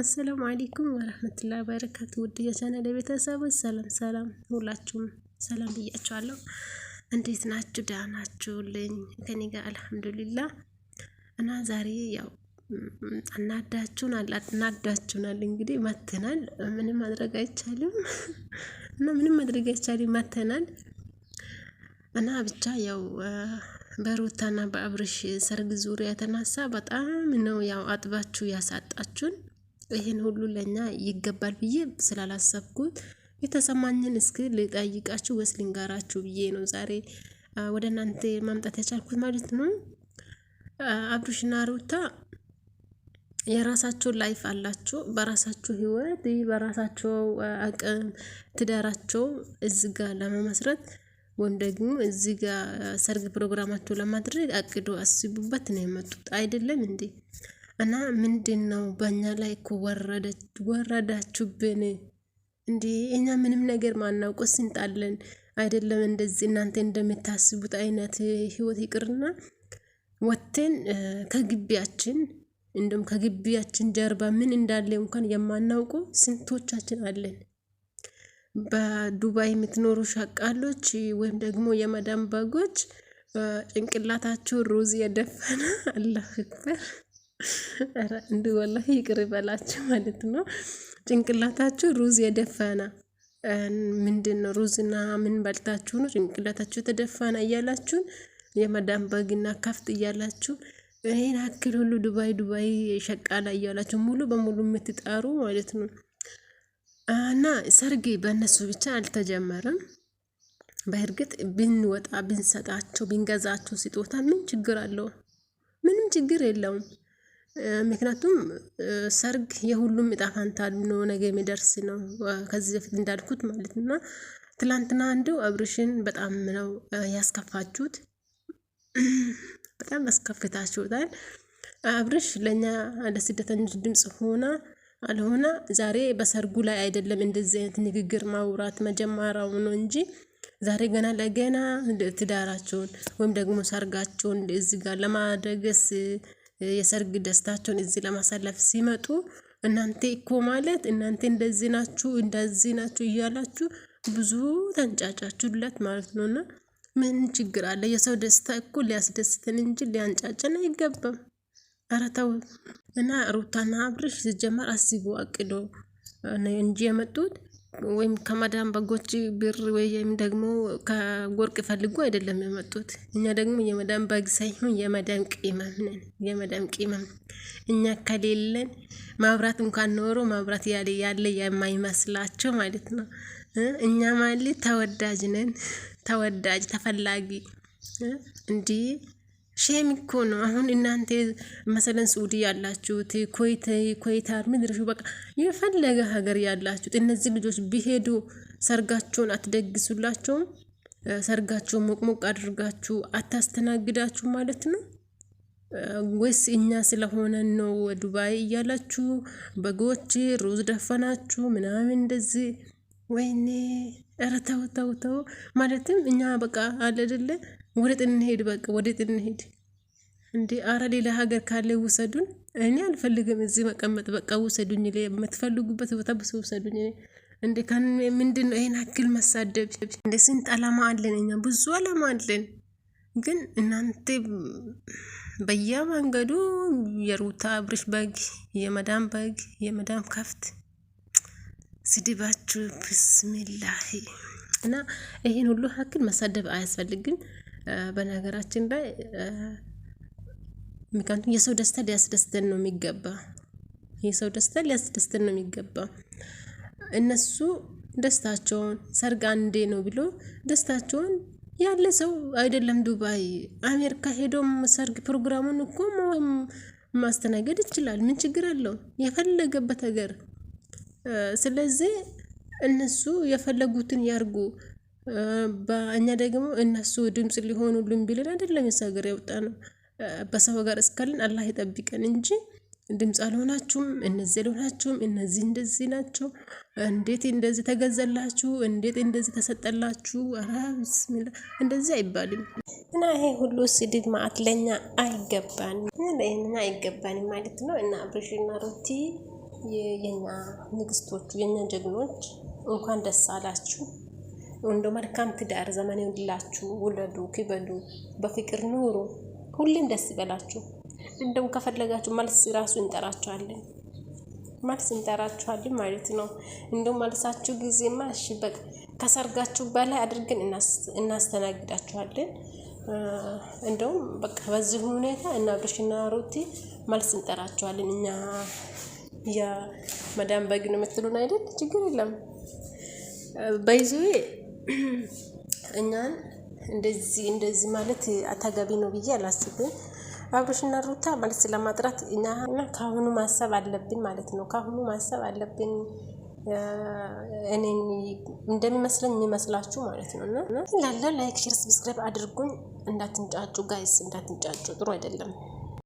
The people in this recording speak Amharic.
አሰላሙ አሌይኩም ወረህመቱላሂ ወበረካቱ። ውድ የቻናል ቤተሰቦች ሰላም ሰላም፣ ሁላችሁም ሰላም ብያችኋለሁ። እንዴት ናችሁ? ደህና ናችሁልኝ? ከኔ ጋር አልሐምዱሊላ እና ዛሬ ያው አናዳችሁናል፣ አናዳችሁናል። እንግዲህ መተናል፣ ምንም ማድረግ አይቻልም እና ምንም ማድረግ አይቻልም፣ መተናል እና ብቻ ያው በሩታና በአብርሽ ሰርግ ዙሪያ የተነሳ በጣም ነው ያው አጥባችሁ ያሳጣችሁን ይህን ሁሉ ለእኛ ይገባል ብዬ ስላላሰብኩት የተሰማኝን እስክ ልጠይቃችሁ ወይስ ልንጋራችሁ ብዬ ነው ዛሬ ወደ እናንተ ማምጣት የቻልኩት ማለት ነው። አብርሽና ሩታ የራሳቸው ላይፍ አላቸው፣ በራሳቸው ህይወት፣ በራሳቸው አቅም ትዳራቸው እዚ ጋር ለመመስረት ወይም ደግሞ እዚ ጋር ሰርግ ፕሮግራማቸው ለማድረግ አቅዶ አስቡበት ነው የመጡት አይደለም እንዴ? እና ምንድን ነው በእኛ ላይ እኮ ወረዳችሁብን እንዴ? እኛ ምንም ነገር ማናውቅ ስንጣለን አይደለም እንደዚህ እናንተ እንደምታስቡት አይነት ህይወት ይቅርና ወጥተን ከግቢያችን እንደም ከግቢያችን ጀርባ ምን እንዳለ እንኳን የማናውቁ ስንቶቻችን አለን። በዱባይ የምትኖሩ ሻቃሎች ወይም ደግሞ የመዳም በጎች ጭንቅላታችሁ ሩዝ የደፈነ አላህ አክበር። እንዲ ወላሂ ይቅር ይበላችሁ ማለት ነው። ጭንቅላታችሁ ሩዝ የደፈና ምንድን ነው ሩዝና ምን በልታችሁ ነው ጭንቅላታችሁ የተደፋና እያላችሁን የመዳን በግና ከፍት እያላችሁ ይህን አክል ሁሉ ዱባይ ዱባይ ሸቃላ እያላችሁ ሙሉ በሙሉ የምትጣሩ ማለት ነው። እና ሰርግ በእነሱ ብቻ አልተጀመረም። በእርግጥ ብንወጣ ብንሰጣቸው ብንገዛቸው ስጦታ ምን ችግር አለው? ምንም ችግር የለውም። ምክንያቱም ሰርግ የሁሉም እጣ ፋንታ ነው፣ ነገ የሚደርስ ነው። ከዚህ በፊት እንዳልኩት ማለት እና ትላንትና አንዱ አብርሽን በጣም ነው ያስከፋችሁት፣ በጣም ያስከፍታችሁታል። አብርሽ ለእኛ ለስደተኞች ድምፅ ሆና አልሆነ ዛሬ በሰርጉ ላይ አይደለም እንደዚህ አይነት ንግግር ማውራት መጀመሪያው ነው እንጂ ዛሬ ገና ለገና ትዳራቸውን ወይም ደግሞ ሰርጋቸውን እዚህ ጋር ለማድረገስ የሰርግ ደስታቸውን እዚህ ለማሳለፍ ሲመጡ እናንተ እኮ ማለት እናንተ እንደዚህ ናችሁ እንደዚህ ናችሁ እያላችሁ ብዙ ተንጫጫችሁለት ማለት ነውና ምን ችግር አለ? የሰው ደስታ እኮ ሊያስደስትን እንጂ ሊያንጫጨን አይገባም። ኧረ ተው እና ሩታና አብርሽ ሲጀመር አስቡ አቅዶ እንጂ የመጡት ወይም ከማዳም በጎች ብር ወይም ደግሞ ከወርቅ ፈልጎ አይደለም የመጡት። እኛ ደግሞ የመዳም በግ ሳይሆን የመዳም ቅመም ነን። የመዳም ቅመም እኛ ከሌለን ማብራት እንኳን ኖሮ ማብራት ያለ ያለ የማይመስላቸው ማለት ነው። እኛ ማለት ተወዳጅ ነን። ተወዳጅ ተፈላጊ እንዲህ ሼም እኮ ነው። አሁን እናንተ መሰለን ሱዲ ያላችሁት ኮይተ ኮይታር ምድርሹ በቃ የፈለገ ሀገር ያላችሁት እነዚህ ልጆች ቢሄዱ ሰርጋቸውን አትደግሱላቸውም? ሰርጋቸውን ሞቅሞቅ አድርጋችሁ አታስተናግዳችሁ ማለት ነው ወይስ እኛ ስለሆነ ነው ዱባይ እያላችሁ በጎች ሩዝ ደፈናችሁ ምናምን እንደዚህ? ወይኔ ኧረ ተው ተው ተው። ማለትም እኛ በቃ አለ አይደለ ወደ ጥን ሄድ፣ በቃ ወደ ጥን ሄድ እንዴ! አረ ሌላ ሀገር ካለ ውሰዱን። እኔ አልፈልግም እዚህ መቀመጥ። በቃ ውሰዱኝ፣ የምትፈልጉበት ቦታ ውሰዱኝ። እንዴ ካን ምንድን ነው ይሄን አክል መሳደብ? እንደ ስንት አላማ አለን እኛ፣ ብዙ አላማ አለን። ግን እናንተ በየመንገዱ የሩታ አብርሽ በግ፣ የመዳም በግ፣ የመዳም ከፍት ስድባችሁ ብስሚላሂ እና ይህን ሁሉ ሀክል መሳደብ አያስፈልግም። በነገራችን ላይ ምክንያቱም የሰው ደስታ ሊያስደስተን ነው የሚገባ የሰው ደስታ ሊያስደስተን ነው የሚገባ። እነሱ ደስታቸውን ሰርግ አንዴ ነው ብሎ ደስታቸውን ያለ ሰው አይደለም ዱባይ አሜሪካ ሄዶም ሰርግ ፕሮግራሙን እኮ ማስተናገድ ይችላል። ምን ችግር አለው? የፈለገበት ሀገር። ስለዚህ እነሱ የፈለጉትን ያርጉ። በእኛ ደግሞ እነሱ ድምፅ ሊሆኑልን ብለን አይደለም እዛ ሀገር ያወጣ ነው። በሰው ጋር እስካለን አላህ ይጠብቀን እንጂ ድምፅ አልሆናችሁም እነዚህ አልሆናችሁም እነዚህ እንደዚህ ናቸው እንዴት እንደዚህ ተገዘላችሁ እንዴት እንደዚህ ተሰጠላችሁ ኧረ ብስሚላ እንደዚህ አይባልም እና ይሄ ሁሉ ስድብ ማዕት ለእኛ አይገባንም ይህንን አይገባንም ማለት ነው እና አብርሽና ሩቲ የኛ ንግስቶቹ የኛ ጀግኖች እንኳን ደስ አላችሁ እንደ መልካም ትዳር ዘመን ይሁንላችሁ። ውለዱ፣ ክበዱ፣ በፍቅር ኑሩ። ሁሌም ደስ ይበላችሁ። እንደው ከፈለጋችሁ መልስ ራሱ እንጠራችኋለን መልስ እንጠራችኋለን ማለት ነው። እንደው መልሳችሁ ጊዜማ እሺ በቃ ከሰርጋችሁ በላይ አድርገን እናስተናግዳችኋለን። እንደውም በቃ በዚህ ሁኔታ እና አብርሽና ሩቲ መልስ እንጠራችኋለን። እኛ የመዳን በግ ነው የምትሉን አይደል? ችግር የለም በይዙ እኛን እንደዚህ እንደዚህ ማለት አታጋቢ ነው ብዬ አላስብም። አብሮሽና ሩታ ማለት ስለማጥራት እኛ ከአሁኑ ማሰብ አለብን ማለት ነው። ከአሁኑ ማሰብ አለብን። እኔ እንደሚመስለኝ የሚመስላችሁ ማለት ነው። እና ላለ ላይክ፣ ሼር፣ ሰብስክራይብ አድርጉኝ። እንዳትንጫጩ ጋይስ፣ እንዳትንጫጩ ጥሩ አይደለም።